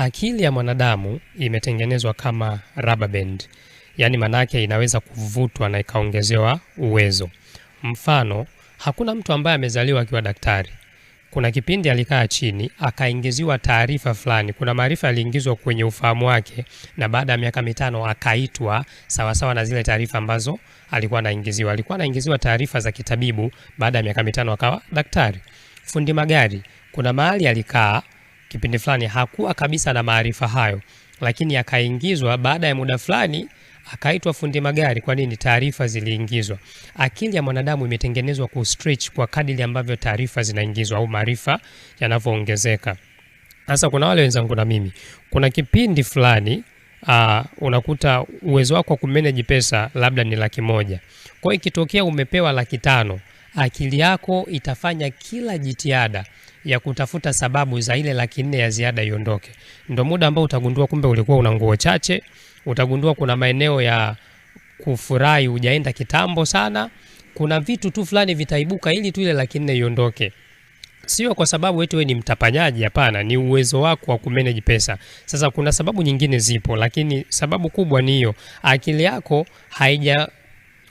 Akili ya mwanadamu imetengenezwa kama rubber band, yaani manake inaweza kuvutwa na ikaongezewa uwezo. Mfano, hakuna mtu ambaye amezaliwa akiwa daktari. Kuna kipindi alikaa chini akaingiziwa taarifa fulani, kuna maarifa yaliingizwa kwenye ufahamu wake, na baada ya miaka mitano akaitwa sawasawa na zile taarifa ambazo alikuwa anaingiziwa. Alikuwa anaingiziwa taarifa za kitabibu, baada ya miaka mitano akawa daktari. Fundi magari, kuna mahali alikaa kipindi fulani hakuwa kabisa na maarifa hayo, lakini akaingizwa. Baada ya muda fulani akaitwa fundi magari. Kwa nini? Taarifa ziliingizwa. Akili ya mwanadamu imetengenezwa ku stretch kwa kadiri ambavyo taarifa zinaingizwa au maarifa yanavyoongezeka. Sasa kuna wale wenzangu na mimi, kuna kipindi fulani Uh, unakuta uwezo wako wa kumeneji pesa labda ni laki moja. Kwa hiyo ikitokea umepewa laki tano, akili yako itafanya kila jitihada ya kutafuta sababu za ile laki nne ya ziada iondoke. Ndio muda ambao utagundua kumbe ulikuwa una nguo chache, utagundua kuna maeneo ya kufurahi hujaenda kitambo sana, kuna vitu tu fulani vitaibuka ili tu ile laki nne iondoke sio kwa sababu eti wewe ni mtapanyaji. Hapana, ni uwezo wako wa kumanage pesa. Sasa kuna sababu nyingine zipo, lakini sababu kubwa ni hiyo, akili yako haija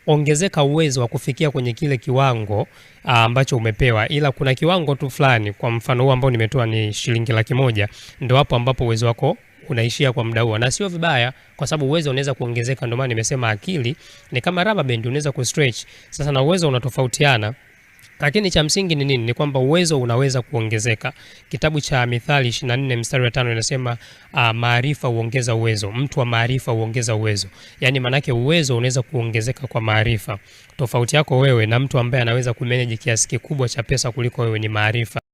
ongezeka uwezo wa kufikia kwenye kile kiwango ah, ambacho umepewa, ila kuna kiwango tu fulani. Kwa mfano huu ambao nimetoa ni shilingi laki moja, ndio hapo ambapo uwezo wako unaishia kwa muda huo, na sio vibaya, kwa sababu uwezo unaweza kuongezeka. Ndio maana nimesema akili ni kama rubber band, unaweza kustretch. Sasa na uwezo unatofautiana. Lakini cha msingi ni nini? Ni kwamba uwezo unaweza kuongezeka. Kitabu cha Mithali 24 mstari wa tano inasema uh, maarifa huongeza uwezo, mtu wa maarifa huongeza uwezo. Yaani maanake uwezo unaweza kuongezeka kwa maarifa. Tofauti yako wewe na mtu ambaye anaweza kumeneji kiasi kikubwa cha pesa kuliko wewe ni maarifa.